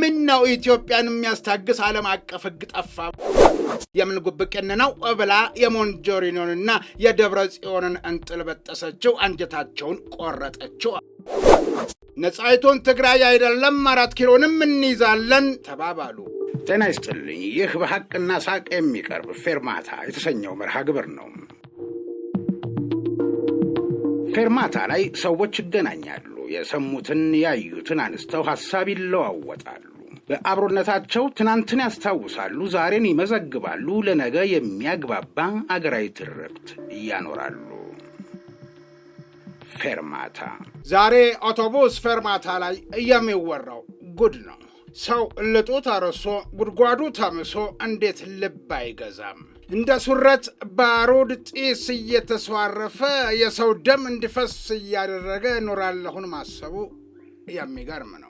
ምን ነው ኢትዮጵያን የሚያስታግስ ዓለም አቀፍ ህግ ጠፋ? የምን ነው ብላ የሞንጆሪኖንና የደብረ ጽዮንን እንጥል በጠሰችው፣ አንጀታቸውን ቆረጠችው። ነጻይቱን ትግራይ አይደለም አራት ኪሎንም እንይዛለን ተባባሉ። ጤና ይስጥልኝ። ይህ በሐቅና ሳቅ የሚቀርብ ፌርማታ የተሰኘው መርሃ ግብር ነው። ፌርማታ ላይ ሰዎች ይገናኛሉ የሰሙትን ያዩትን አንስተው ሀሳብ ይለዋወጣሉ። በአብሮነታቸው ትናንትን ያስታውሳሉ፣ ዛሬን ይመዘግባሉ፣ ለነገ የሚያግባባ አገራዊ ትርክት እያኖራሉ። ፌርማታ። ዛሬ አውቶቡስ ፌርማታ ላይ የሚወራው ጉድ ነው። ሰው ልጡ ተርሶ ጉድጓዱ ተምሶ እንዴት ልብ አይገዛም? እንደ ሱረት ባሩድ ጢስ እየተስዋረፈ የሰው ደም እንዲፈስ እያደረገ እኖራለሁን ማሰቡ የሚገርም ነው።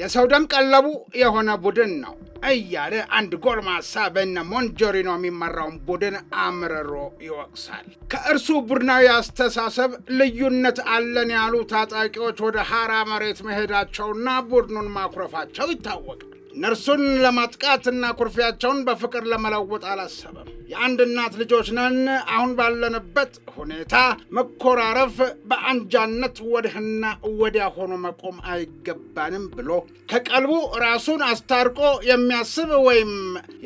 የሰው ደም ቀለቡ የሆነ ቡድን ነው እያለ አንድ ጎልማሳ በነ ሞንጆሪኖ የሚመራውን ቡድን አምርሮ ይወቅሳል። ከእርሱ ቡድናዊ አስተሳሰብ ልዩነት አለን ያሉ ታጣቂዎች ወደ ሐራ መሬት መሄዳቸውና ቡድኑን ማኩረፋቸው ይታወቃል። እነርሱን ለማጥቃትና ኩርፊያቸውን በፍቅር ለመለወጥ አላሰበም። የአንድ እናት ልጆች ነን። አሁን ባለንበት ሁኔታ መኮራረፍ፣ በአንጃነት ወዲህና ወዲያ ሆኖ መቆም አይገባንም ብሎ ከቀልቡ ራሱን አስታርቆ የሚያስብ ወይም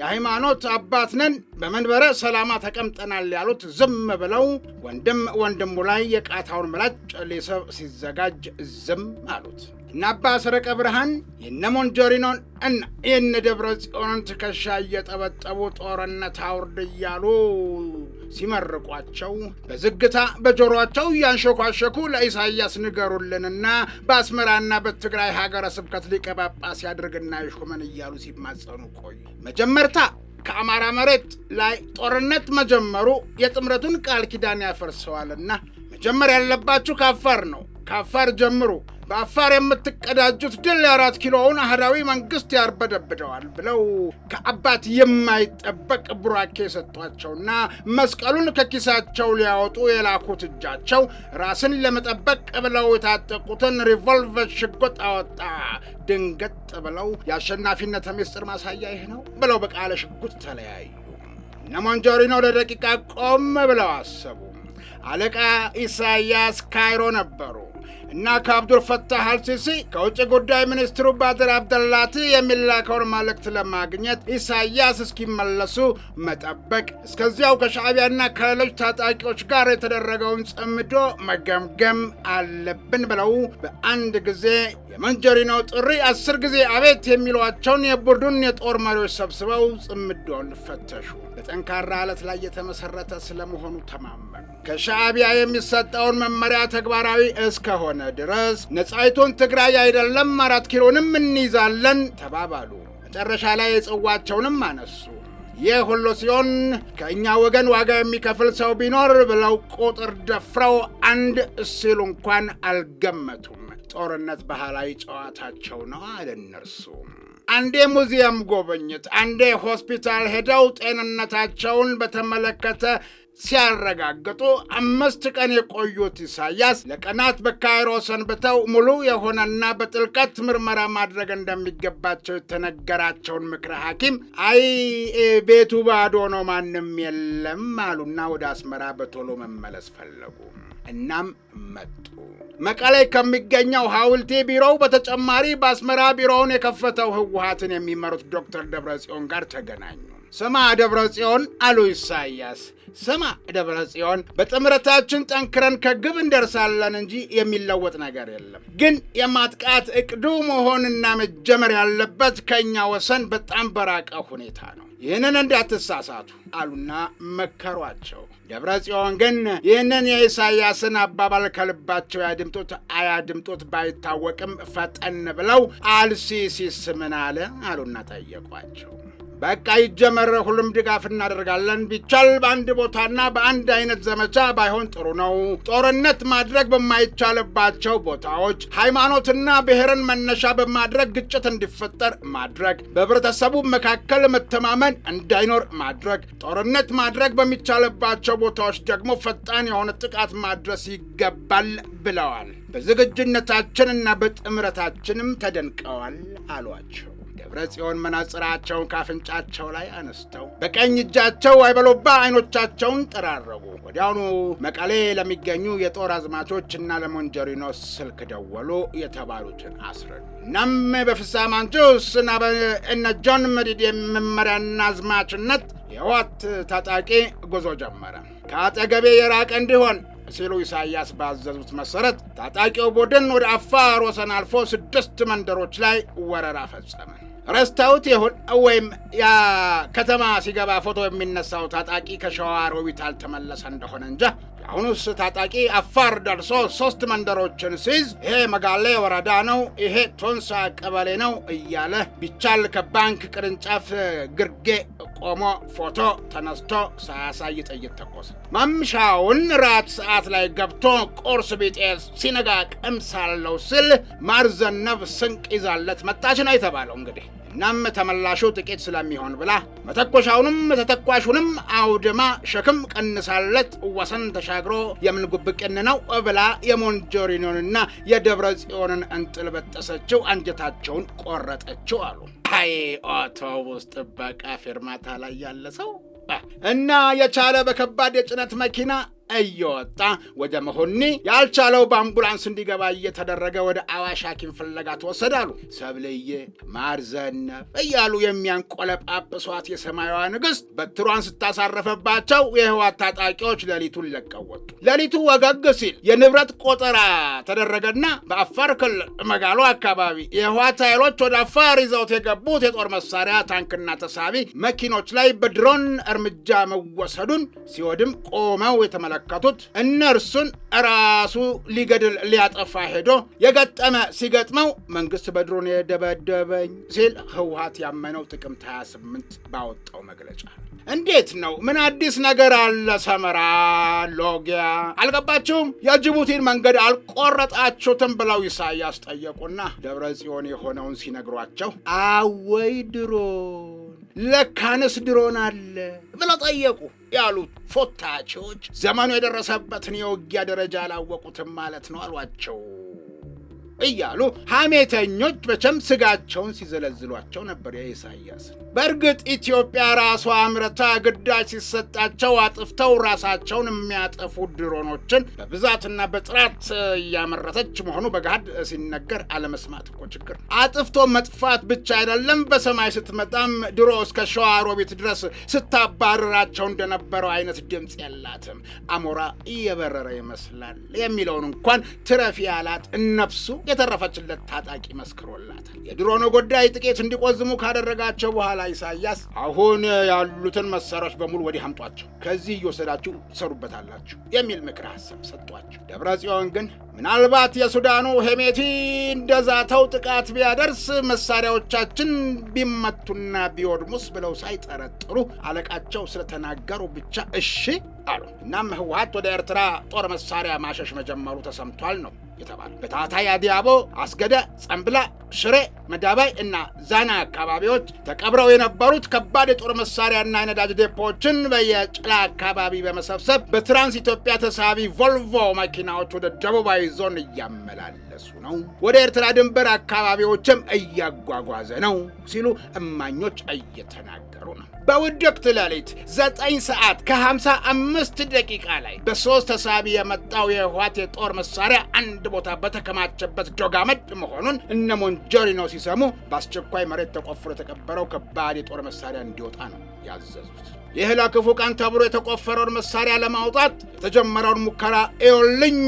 የሃይማኖት አባት ነን በመንበረ ሰላማ ተቀምጠናል ያሉት ዝም ብለው ወንድም ወንድሙ ላይ የቃታውን ምላጭ ሊስብ ሲዘጋጅ ዝም አሉት። እነ አባ ሰረቀ ብርሃን የነ ሞንጆሪኖን እና የነ ደብረ ጽዮንን ትከሻ እየጠበጠቡ ጦርነት አውርድ እያሉ ሲመርቋቸው በዝግታ በጆሮቸው እያንሸኳሸኩ ለኢሳያስ ንገሩልንና በአስመራና በትግራይ ሀገረ ስብከት ሊቀ ጳጳስ ያድርግና ይሹመን እያሉ ሲማጸኑ ቆዩ። መጀመርታ ከአማራ መሬት ላይ ጦርነት መጀመሩ የጥምረቱን ቃል ኪዳን ያፈርሰዋልና መጀመር ያለባችሁ ካፋር ነው፣ ካፋር ጀምሩ በአፋር የምትቀዳጁት ድል አራት ኪሎውን አህዳዊ መንግስት ያርበደብደዋል ብለው ከአባት የማይጠበቅ ቡራኬ የሰጧቸውና መስቀሉን ከኪሳቸው ሊያወጡ የላኩት እጃቸው ራስን ለመጠበቅ ብለው የታጠቁትን ሪቮልቨር ሽጉጥ አወጣ። ድንገጥ ብለው የአሸናፊነት ምስጢር ማሳያ ይህ ነው ብለው በቃለ ሽጉጥ ተለያዩ። እነሞንጆሪኖ ለደቂቃ ቆም ብለው አሰቡ። አለቃ ኢሳያስ ካይሮ ነበሩ። እና ከአብዱል ፈታህ አልሲሲ ከውጭ ጉዳይ ሚኒስትሩ ባድር አብደላቲ የሚላከውን መልእክት ለማግኘት ኢሳያስ እስኪመለሱ መጠበቅ፣ እስከዚያው ከሻዕቢያና ከሌሎች ታጣቂዎች ጋር የተደረገውን ጽምዶ መገምገም አለብን ብለው በአንድ ጊዜ የመንጀሪኖ ጥሪ አስር ጊዜ አቤት የሚሏቸውን የቡድን የጦር መሪዎች ሰብስበው ጽምዶውን ፈተሹ። በጠንካራ አለት ላይ የተመሰረተ ስለመሆኑ ተማመኑ። ከሻዕቢያ የሚሰጠውን መመሪያ ተግባራዊ እስከሆነ ድረስ ነጻይቱን ትግራይ አይደለም አራት ኪሎንም እንይዛለን ተባባሉ። መጨረሻ ላይ የጽዋቸውንም አነሱ። ይህ ሁሉ ሲሆን ከእኛ ወገን ዋጋ የሚከፍል ሰው ቢኖር ብለው ቁጥር ደፍረው አንድ ሲሉ እንኳን አልገመቱም። ጦርነት ባህላዊ ጨዋታቸው ነው አለ እነርሱ። አንዴ ሙዚየም ጎበኝት አንዴ ሆስፒታል ሄደው ጤንነታቸውን በተመለከተ ሲያረጋግጡ አምስት ቀን የቆዩት ኢሳያስ ለቀናት በካይሮ ሰንብተው ሙሉ የሆነና በጥልቀት ምርመራ ማድረግ እንደሚገባቸው የተነገራቸውን ምክረ ሐኪም አይ ቤቱ ባዶ ነው ማንም የለም አሉና ወደ አስመራ በቶሎ መመለስ ፈለጉ። እናም መጡ። መቀሌ ከሚገኘው ሐውልቴ ቢሮው በተጨማሪ በአስመራ ቢሮውን የከፈተው ህወሀትን የሚመሩት ዶክተር ደብረጽዮን ጋር ተገናኙ። ስማ ደብረ ጽዮን አሉ ኢሳያስ። ስማ ደብረ ጽዮን በጥምረታችን ጠንክረን ከግብ እንደርሳለን እንጂ የሚለወጥ ነገር የለም። ግን የማጥቃት እቅዱ መሆንና መጀመር ያለበት ከእኛ ወሰን በጣም በራቀ ሁኔታ ነው። ይህንን እንዳትሳሳቱ አሉና መከሯቸው። ደብረ ጽዮን ግን ይህንን የኢሳያስን አባባል ከልባቸው ያድምጡት አያድምጡት ባይታወቅም ፈጠን ብለው አልሲሲስ ምን አለ አሉና ጠየቋቸው። በቃ ይጀመር፣ ሁሉም ድጋፍ እናደርጋለን። ቢቻል በአንድ ቦታና በአንድ አይነት ዘመቻ ባይሆን ጥሩ ነው። ጦርነት ማድረግ በማይቻልባቸው ቦታዎች ሃይማኖትና ብሔርን መነሻ በማድረግ ግጭት እንዲፈጠር ማድረግ፣ በህብረተሰቡ መካከል መተማመን እንዳይኖር ማድረግ፣ ጦርነት ማድረግ በሚቻልባቸው ቦታዎች ደግሞ ፈጣን የሆነ ጥቃት ማድረስ ይገባል ብለዋል። በዝግጁነታችን እና በጥምረታችንም ተደንቀዋል አሏቸው። ደብረ ጽዮን መነጽራቸውን ካፍንጫቸው ላይ አነስተው በቀኝ እጃቸው አይበሎባ አይኖቻቸውን ጠራረጉ። ወዲያውኑ መቀሌ ለሚገኙ የጦር አዝማቾች እና ለሞንጀሪኖስ ስልክ ደወሉ፣ የተባሉትን አስረዱ። እናም በፍሳ ማንጁስ እና በእነ ጆን መዲድ መመሪያና አዝማችነት የህወሓት ታጣቂ ጉዞ ጀመረ። ከአጠገቤ የራቀ እንዲሆን ሲሉ ኢሳያስ ባዘዙት መሰረት ታጣቂው ቡድን ወደ አፋር ወሰን አልፎ ስድስት መንደሮች ላይ ወረራ ፈጸመ። ረስታውት ይሁን ወይም ያ ከተማ ሲገባ ፎቶ የሚነሳው ታጣቂ ከሸዋ ሮቢት አልተመለሰ እንደሆነ እንጃ። አሁኑስ ታጣቂ አፋር ደርሶ ሶስት መንደሮችን ሲይዝ ይሄ መጋሌ ወረዳ ነው፣ ይሄ ቶንሳ ቀበሌ ነው እያለ ቢቻል ከባንክ ቅርንጫፍ ግርጌ ቆሞ ፎቶ ተነስቶ ሳያሳይ ጥይት ተኮሰ። ማምሻውን ራት ሰዓት ላይ ገብቶ ቁርስ ቢጤ ሲነጋ ቀምሳለሁ ስል ማርዘነብ ስንቅ ይዛለት መጣች ነው የተባለው እንግዲህ እናም ተመላሹ ጥቂት ስለሚሆን ብላ መተኮሻውንም ተተኳሹንም አውድማ ሸክም ቀንሳለት ወሰን ተሻግሮ የምን ጉብቅን ነው ብላ የሞንጆሪኖንና የደብረ ጽዮንን እንጥል በጠሰችው፣ አንጀታቸውን ቆረጠችው አሉ። አይ አውቶቡስ ጥበቃ ፌርማታ ላይ ያለ ሰው እና የቻለ በከባድ የጭነት መኪና እየወጣ ወደ መሆኒ ያልቻለው በአምቡላንስ እንዲገባ እየተደረገ ወደ አዋሽ ሐኪም ፍለጋ ትወሰዳሉ። አሉ። ሰብልዬ ማርዘነብ እያሉ የሚያንቆለጳጵሷት የሰማያዋ ንግሥት በትሯን ስታሳረፈባቸው የህዋት ታጣቂዎች ሌሊቱን ለቀው ወጡ። ሌሊቱ ወገግ ሲል የንብረት ቆጠራ ተደረገና በአፋር ክልል መጋሎ አካባቢ የህዋት ኃይሎች ወደ አፋር ይዘውት የገቡት የጦር መሳሪያ ታንክና ተሳቢ መኪኖች ላይ በድሮን እርምጃ መወሰዱን ሲወድም ቆመው የተመለ የተመለከቱት እነርሱን ራሱ ሊገድል ሊያጠፋ ሄዶ የገጠመ ሲገጥመው መንግስት በድሮን የደበደበኝ ሲል ህወሀት ያመነው ጥቅምት 28 ባወጣው መግለጫ እንዴት ነው? ምን አዲስ ነገር አለ? ሰመራ ሎጊያ አልገባችሁም? የጅቡቲን መንገድ አልቆረጣችሁትም ብለው ኢሳያስ ጠየቁና ደብረ ጽዮን የሆነውን ሲነግሯቸው አወይ ድሮ ለካንስ አለ ብለው ጠየቁ ያሉት ፎታቸዎች ዘመኑ የደረሰበትን የውጊያ ደረጃ አላወቁትም ማለት ነው አሏቸው። እያሉ ሐሜተኞች መቼም ስጋቸውን ሲዘለዝሏቸው ነበር የኢሳያስ በእርግጥ ኢትዮጵያ ራሷ አምርታ ግዳጅ ሲሰጣቸው አጥፍተው ራሳቸውን የሚያጠፉ ድሮኖችን በብዛትና በጥራት እያመረተች መሆኑ በገሃድ ሲነገር አለመስማት እኮ ችግር። አጥፍቶ መጥፋት ብቻ አይደለም፣ በሰማይ ስትመጣም ድሮ እስከ ሸዋሮቢት ድረስ ስታባረራቸው እንደነበረው አይነት ድምፅ የላትም። አሞራ እየበረረ ይመስላል የሚለውን እንኳን ትረፊ ያላት እነብሱ የተረፈችለት ታጣቂ መስክሮላታል። የድሮኑ ጉዳይ ጥቂት እንዲቆዝሙ ካደረጋቸው በኋላ ኢሳያስ አሁን ያሉትን መሳሪያዎች በሙሉ ወዲህ አምጧቸው፣ ከዚህ እየወሰዳችሁ ትሰሩበታላችሁ የሚል ምክር ሀሳብ ሰጧቸው። ደብረ ጽዮን ግን ምናልባት የሱዳኑ ሄሜቲ እንደዛተው ጥቃት ቢያደርስ መሳሪያዎቻችን ቢመቱና ቢወድሙስ ብለው ሳይጠረጥሩ አለቃቸው ስለተናገሩ ብቻ እሺ አሉ። እናም ህወሀት ወደ ኤርትራ ጦር መሳሪያ ማሸሽ መጀመሩ ተሰምቷል ነው የተባለው። በታህታይ አዲያቦ፣ አስገደ፣ ጸንብላ፣ ሽሬ፣ መዳባይ እና ዛና አካባቢዎች ተቀብረው የነበሩት ከባድ የጦር መሳሪያና የነዳጅ ዴፖዎችን በየጭላ አካባቢ በመሰብሰብ በትራንስ ኢትዮጵያ ተሳቢ ቮልቮ መኪናዎች ወደ ደቡባዊ ዞን እያመላለሱ ነው፣ ወደ ኤርትራ ድንበር አካባቢዎችም እያጓጓዘ ነው ሲሉ እማኞች እየተናገሩ ነው። በውድቅ ሌሊት ዘጠኝ ሰዓት ከሃምሳ አምስት ደቂቃ ላይ በሶስት ተሳቢ የመጣው የህወሓት የጦር መሳሪያ አንድ ቦታ በተከማቸበት ጆጋመድ መሆኑን እነ ሞንጆሪኖ ሲሰሙ በአስቸኳይ መሬት ተቆፍሮ የተቀበረው ከባድ የጦር መሳሪያ እንዲወጣ ነው ያዘዙት። የህላ ክፉ ቀን ተብሎ የተቆፈረውን መሳሪያ ለማውጣት የተጀመረውን ሙከራ ኤውልኝ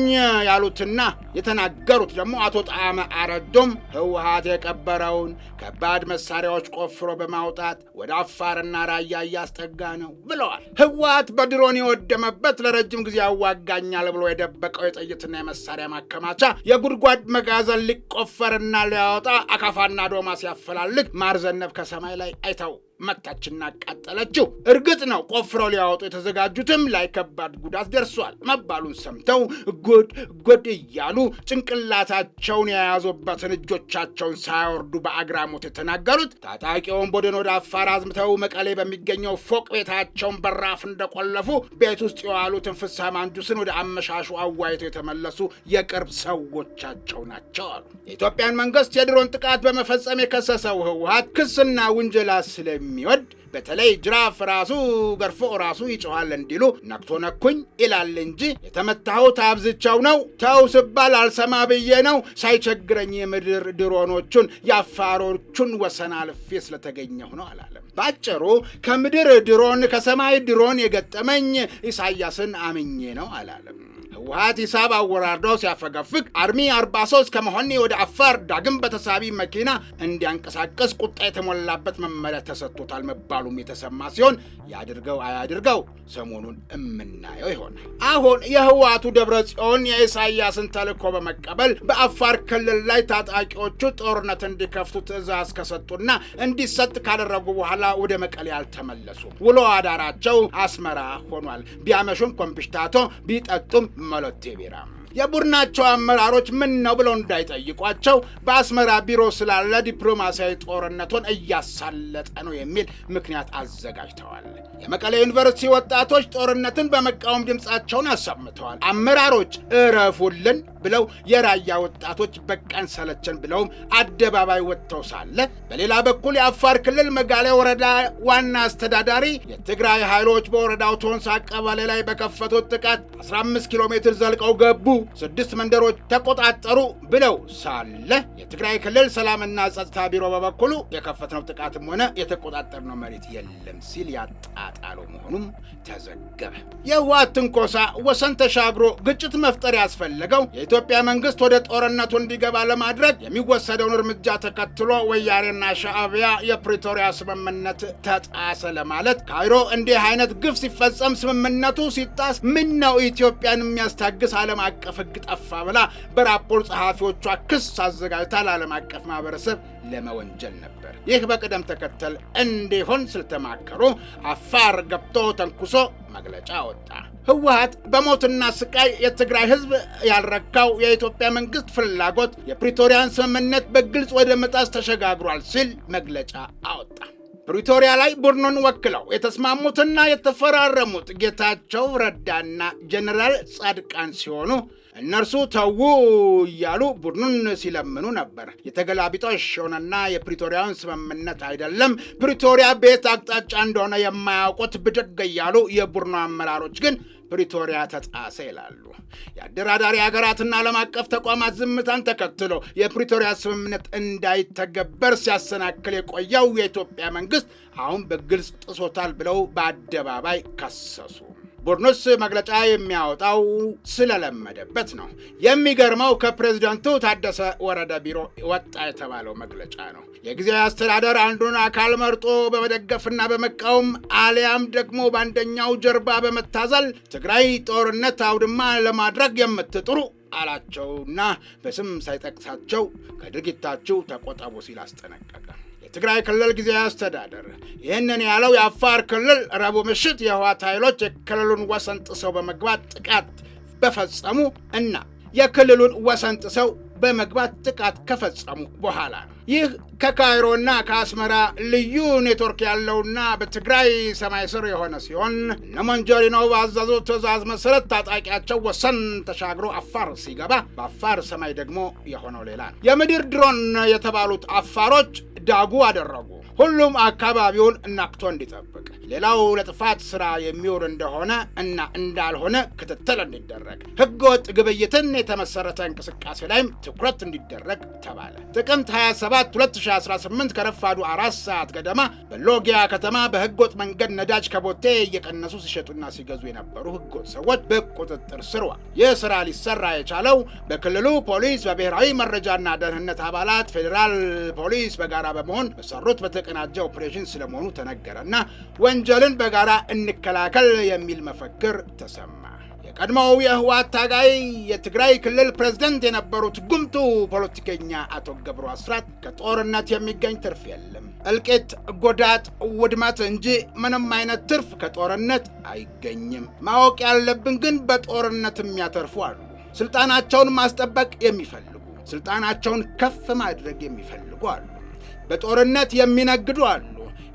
ያሉትና የተናገሩት ደግሞ አቶ ጣዕመ አረዶም ህወሀት የቀበረውን ከባድ መሳሪያዎች ቆፍሮ በማውጣት ወደ አፋርና ራያ እያስጠጋ ነው ብለዋል። ህወሀት በድሮን የወደመበት ለረጅም ጊዜ ያዋጋኛል ብሎ የደበቀው የጥይትና የመሳሪያ ማከማቻ የጉድጓድ መጋዘን ሊቆፈርና ሊያወጣ አካፋና ዶማ ሲያፈላልግ ማርዘነብ ከሰማይ ላይ አይታው መታችና አቃጠለችው። እርግጥ ነው ቆፍረው ሊያወጡ የተዘጋጁትም ላይ ከባድ ጉዳት ደርሷል መባሉን ሰምተው ጎድ ጎድ እያሉ ጭንቅላታቸውን የያዙበትን እጆቻቸውን ሳያወርዱ በአግራሞት የተናገሩት ታጣቂውን ቡድን ወደ አፋር አዝምተው መቀሌ በሚገኘው ፎቅ ቤታቸውን በራፍ እንደቆለፉ ቤት ውስጥ የዋሉትን ፍሳ ማንጁስን ወደ አመሻሹ አዋይተው የተመለሱ የቅርብ ሰዎቻቸው ናቸው አሉ። የኢትዮጵያን መንግስት የድሮን ጥቃት በመፈጸም የከሰሰው ህወሀት ክስና ውንጀላ ስለሚ የሚወድ በተለይ ጅራፍ ራሱ ገርፎ ራሱ ይጮኋል እንዲሉ ነክቶ ነኩኝ ይላል እንጂ የተመታሁት ታብዝቻው ነው ተው ስባል አልሰማ ብዬ ነው ሳይቸግረኝ የምድር ድሮኖቹን የአፋሮቹን ወሰን አልፌ ስለተገኘሁ ነው አላለም። ባጭሩ ከምድር ድሮን ከሰማይ ድሮን የገጠመኝ ኢሳያስን አምኜ ነው አላለም። ህወሀት ሂሳብ አወራርዶ ሲያፈገፍግ አርሚ 43 ከመሆኔ ወደ አፋር ዳግም በተሳቢ መኪና እንዲያንቀሳቀስ ቁጣ የተሞላበት መመሪያ ተሰጥቶታል መባሉም የተሰማ ሲሆን ያድርገው አያድርገው ሰሞኑን እምናየው ይሆናል። አሁን የህወሀቱ ደብረ ጽዮን የኢሳያስን ተልእኮ በመቀበል በአፋር ክልል ላይ ታጣቂዎቹ ጦርነት እንዲከፍቱ ትዕዛዝ ከሰጡና እንዲሰጥ ካደረጉ በኋላ ወደ መቀሌ አልተመለሱም። ውሎ አዳራቸው አስመራ ሆኗል። ቢያመሹም ኮምፒሽታቶ ቢጠጡም መሎቴ ቢራ የቡድናቸው አመራሮች ምን ነው ብለው እንዳይጠይቋቸው በአስመራ ቢሮ ስላለ ዲፕሎማሲያዊ ጦርነቱን እያሳለጠ ነው የሚል ምክንያት አዘጋጅተዋል። የመቀለ ዩኒቨርሲቲ ወጣቶች ጦርነትን በመቃወም ድምፃቸውን አሰምተዋል። አመራሮች እረፉልን ብለው የራያ ወጣቶች በቃን ሰለቸን ብለውም አደባባይ ወጥተው ሳለ፣ በሌላ በኩል የአፋር ክልል መጋሌ ወረዳ ዋና አስተዳዳሪ የትግራይ ኃይሎች በወረዳው ቶንሳ ቀበሌ ላይ በከፈቱት ጥቃት 15 ኪሎ ሜትር ዘልቀው ገቡ፣ ስድስት መንደሮች ተቆጣጠሩ ብለው ሳለ፣ የትግራይ ክልል ሰላምና ጸጥታ ቢሮ በበኩሉ የከፈትነው ጥቃትም ሆነ የተቆጣጠርነው መሬት የለም ሲል ያጣጣለው መሆኑም ተዘገበ። የህወሓት ትንኮሳ ወሰን ተሻግሮ ግጭት መፍጠር ያስፈለገው የኢትዮጵያ መንግስት ወደ ጦርነቱ እንዲገባ ለማድረግ የሚወሰደውን እርምጃ ተከትሎ ወያኔና ሻዕቢያ የፕሪቶሪያ ስምምነት ተጣሰ ለማለት ካይሮ እንዲህ አይነት ግፍ ሲፈጸም ስምምነቱ ሲጣስ ምን ነው ኢትዮጵያን የሚያስታግስ ዓለም አቀፍ ህግ ጠፋ ብላ በራፖር ጸሐፊዎቿ ክስ አዘጋጅታ ለዓለም አቀፍ ማህበረሰብ ለመወንጀል ነበር። ይህ በቅደም ተከተል እንዲሆን ስለተማከሩ አፋር ገብቶ ተንኩሶ መግለጫ ወጣ። ህወሀት በሞትና ስቃይ የትግራይ ህዝብ ያልረካው የኢትዮጵያ መንግስት ፍላጎት የፕሪቶሪያን ስምምነት በግልጽ ወደ መጣስ ተሸጋግሯል ሲል መግለጫ አወጣ። ፕሪቶሪያ ላይ ቡድኑን ወክለው የተስማሙትና የተፈራረሙት ጌታቸው ረዳና ጀኔራል ጻድቃን ሲሆኑ እነርሱ ተዉ እያሉ ቡድኑን ሲለምኑ ነበር። የተገላቢጦሽ የሆነና የፕሪቶሪያውን ስምምነት አይደለም ፕሪቶሪያ ቤት አቅጣጫ እንደሆነ የማያውቁት ብድግ እያሉ የቡድኑ አመራሮች ግን ፕሪቶሪያ ተጣሰ ይላሉ። የአደራዳሪ ሀገራትና ዓለም አቀፍ ተቋማት ዝምታን ተከትሎ የፕሪቶሪያ ስምምነት እንዳይተገበር ሲያሰናክል የቆየው የኢትዮጵያ መንግስት አሁን በግልጽ ጥሶታል ብለው በአደባባይ ከሰሱ። ቡርኑስ መግለጫ የሚያወጣው ስለለመደበት ነው። የሚገርመው ከፕሬዚደንቱ ታደሰ ወረደ ቢሮ ወጣ የተባለው መግለጫ ነው። የጊዜያዊ አስተዳደር አንዱን አካል መርጦ በመደገፍና በመቃወም አሊያም ደግሞ በአንደኛው ጀርባ በመታዘል ትግራይ ጦርነት አውድማ ለማድረግ የምትጥሩ አላቸውና በስም ሳይጠቅሳቸው ከድርጊታችሁ ተቆጠቡ ሲል አስጠነቀቀ። የትግራይ ክልል ጊዜያዊ አስተዳደር ይህንን ያለው የአፋር ክልል ረቡዕ ምሽት የህወሓት ኃይሎች የክልሉን ወሰን ጥሰው በመግባት ጥቃት በፈጸሙ እና የክልሉን ወሰን ጥሰው በመግባት ጥቃት ከፈጸሙ በኋላ ነው። ይህ ከካይሮና ከአስመራ ልዩ ኔትወርክ ያለውና በትግራይ ሰማይ ስር የሆነ ሲሆን ነሞንጆሪኖ ሞንጆሪኖ ትዕዛዝ መሰረት ታጣቂያቸው ወሰን ተሻግሮ አፋር ሲገባ፣ በአፋር ሰማይ ደግሞ የሆነው ሌላ ነው። የምድር ድሮን የተባሉት አፋሮች ዳጉ አደረጉ። ሁሉም አካባቢውን እናክቶ እንዲጠብቅ፣ ሌላው ለጥፋት ስራ የሚውል እንደሆነ እና እንዳልሆነ ክትትል እንዲደረግ፣ ህገወጥ ግብይትን የተመሰረተ እንቅስቃሴ ላይም ትኩረት እንዲደረግ ተባለ። ጥቅምት 27 2018 ከረፋዱ አራት ሰዓት ገደማ በሎጊያ ከተማ በህገወጥ መንገድ ነዳጅ ከቦቴ እየቀነሱ ሲሸጡና ሲገዙ የነበሩ ህገወጥ ሰዎች በቁጥጥር ስር ዋሉ። ይህ ስራ ሊሰራ የቻለው በክልሉ ፖሊስ፣ በብሔራዊ መረጃና ደህንነት አባላት፣ ፌዴራል ፖሊስ በጋራ በመሆን በሰሩት የተቀናጀ ኦፕሬሽን ስለመሆኑ ተነገረ እና ወንጀልን በጋራ እንከላከል የሚል መፈክር ተሰማ። የቀድሞው የህወሓት ታጋይ የትግራይ ክልል ፕሬዝደንት የነበሩት ጉምቱ ፖለቲከኛ አቶ ገብሩ አስራት ከጦርነት የሚገኝ ትርፍ የለም፣ እልቂት፣ ጎዳጥ፣ ውድመት እንጂ ምንም አይነት ትርፍ ከጦርነት አይገኝም። ማወቅ ያለብን ግን በጦርነት የሚያተርፉ አሉ። ስልጣናቸውን ማስጠበቅ የሚፈልጉ ስልጣናቸውን ከፍ ማድረግ የሚፈልጉ አሉ። በጦርነት የሚነግዱ አሉ።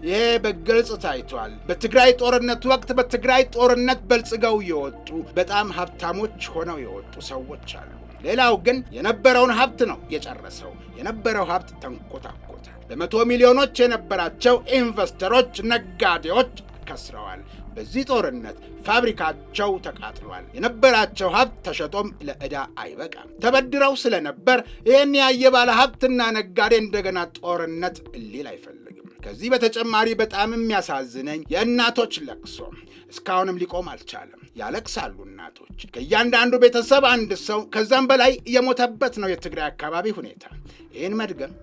ይሄ በግልጽ ታይቷል። በትግራይ ጦርነት ወቅት በትግራይ ጦርነት በልጽገው የወጡ በጣም ሀብታሞች ሆነው የወጡ ሰዎች አሉ። ሌላው ግን የነበረውን ሀብት ነው የጨረሰው። የነበረው ሀብት ተንኮታኮተ። በመቶ ሚሊዮኖች የነበራቸው ኢንቨስተሮች፣ ነጋዴዎች ከስረዋል። በዚህ ጦርነት ፋብሪካቸው ተቃጥሏል። የነበራቸው ሀብት ተሸጦም ለዕዳ አይበቃም። ተበድረው ስለነበር ይህን ያየ ባለ ሀብትና ነጋዴ እንደገና ጦርነት እሊል አይፈልግም። ከዚህ በተጨማሪ በጣም የሚያሳዝነኝ የእናቶች ለቅሶ እስካሁንም ሊቆም አልቻለም። ያለቅሳሉ እናቶች። ከእያንዳንዱ ቤተሰብ አንድ ሰው ከዛም በላይ እየሞተበት ነው የትግራይ አካባቢ ሁኔታ። ይህን መድገም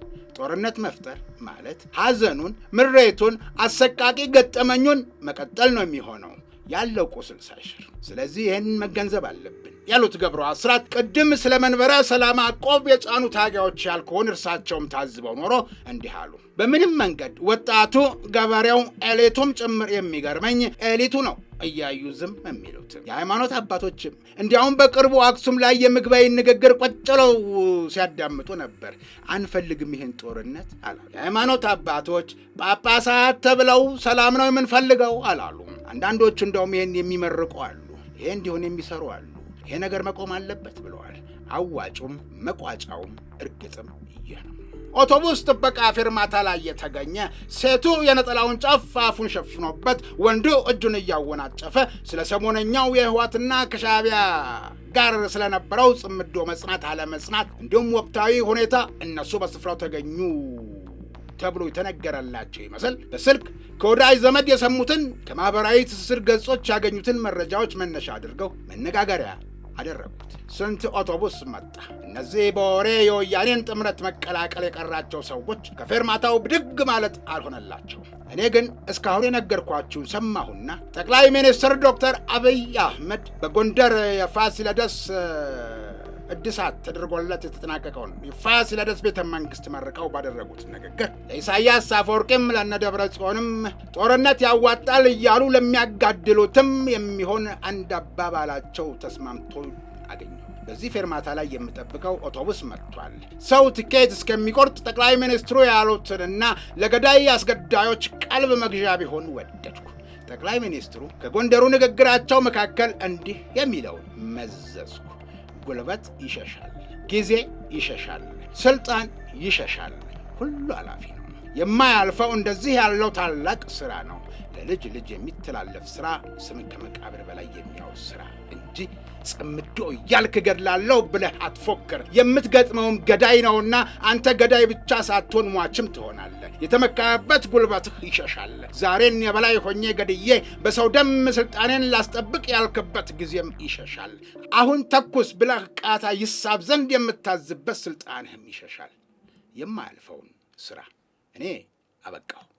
ጦርነት መፍጠር ማለት ሐዘኑን፣ ምሬቱን፣ አሰቃቂ ገጠመኙን መቀጠል ነው የሚሆነው ያለው ቁስል ሳይሽር። ስለዚህ ይህንን መገንዘብ አለብን። ያሉት ገብሩ አስራት ቅድም ስለ መንበረ ሰላማ ቆብ የጫኑ ታጋዮች ያልከውን እርሳቸውም ታዝበው ኖሮ እንዲህ አሉ። በምንም መንገድ ወጣቱ ገበሬው፣ ኤሊቱም ጭምር የሚገርመኝ ኤሊቱ ነው እያዩ ዝም የሚሉት የሃይማኖት አባቶችም እንዲያውም በቅርቡ አክሱም ላይ የምግባይ ንግግር ቁጭ ብለው ሲያዳምጡ ነበር። አንፈልግም ይህን ጦርነት አላሉ። የሃይማኖት አባቶች ጳጳሳት ተብለው ሰላም ነው የምንፈልገው አላሉ። አንዳንዶቹ እንደውም ይህን የሚመርቁ አሉ፣ ይሄ እንዲሆን የሚሰሩ አሉ። ይሄ ነገር መቆም አለበት ብለዋል። አዋጩም መቋጫውም እርግጥም ይህ ነው። ኦቶቡስ ጥበቃ ፌርማታ ላይ የተገኘ ሴቱ የነጠላውን ጫፍ አፉን ሸፍኖበት፣ ወንዱ እጁን እያወናጨፈ ስለ ሰሞነኛው የህወሓትና ከሻቢያ ጋር ስለነበረው ጽምዶ መጽናት አለመጽናት እንዲሁም ወቅታዊ ሁኔታ እነሱ በስፍራው ተገኙ ተብሎ የተነገረላቸው ይመስል በስልክ ከወዳጅ ዘመድ የሰሙትን ከማኅበራዊ ትስስር ገጾች ያገኙትን መረጃዎች መነሻ አድርገው መነጋገሪያ አደረጉት። ስንት አውቶቡስ መጣ። እነዚህ በወሬ የወያኔን ጥምረት መቀላቀል የቀራቸው ሰዎች ከፌርማታው ብድግ ማለት አልሆነላቸው። እኔ ግን እስካሁን የነገርኳችሁን ሰማሁና ጠቅላይ ሚኒስትር ዶክተር አብይ አህመድ በጎንደር የፋሲለደስ እድሳት ተደርጎለት የተጠናቀቀውን የፋሲለደስ ቤተ መንግስት መርቀው ባደረጉት ንግግር ለኢሳያስ አፈወርቂም ለነ ደብረ ጽዮንም ጦርነት ያዋጣል እያሉ ለሚያጋድሉትም የሚሆን አንድ አባባላቸው ተስማምቶ አገኘ። በዚህ ፌርማታ ላይ የምጠብቀው አውቶቡስ መጥቷል። ሰው ትኬት እስከሚቆርጥ ጠቅላይ ሚኒስትሩ ያሉትንና ለገዳይ አስገዳዮች ቀልብ መግዣ ቢሆን ወደድኩ። ጠቅላይ ሚኒስትሩ ከጎንደሩ ንግግራቸው መካከል እንዲህ የሚለውን መዘዝኩ። ጉልበት ይሸሻል፣ ጊዜ ይሸሻል፣ ስልጣን ይሸሻል። ሁሉ አላፊ ነው። የማያልፈው እንደዚህ ያለው ታላቅ ስራ ነው። በልጅ ልጅ የሚተላለፍ ስራ ስምን ከመቃብር በላይ የሚያወርስ ስራ እንጂ ጽምዶ እያልክ ገድላለሁ ብለህ አትፎክር። የምትገጥመውም ገዳይ ነውና አንተ ገዳይ ብቻ ሳትሆን ሟችም ትሆናለህ። የተመካበት ጉልበትህ ይሸሻል። ዛሬን የበላይ ሆኜ ገድዬ በሰው ደም ስልጣኔን ላስጠብቅ ያልክበት ጊዜም ይሸሻል። አሁን ተኩስ ብለህ ቃታ ይሳብ ዘንድ የምታዝበት ስልጣንህም ይሸሻል። የማያልፈውን ስራ እኔ አበቃሁ።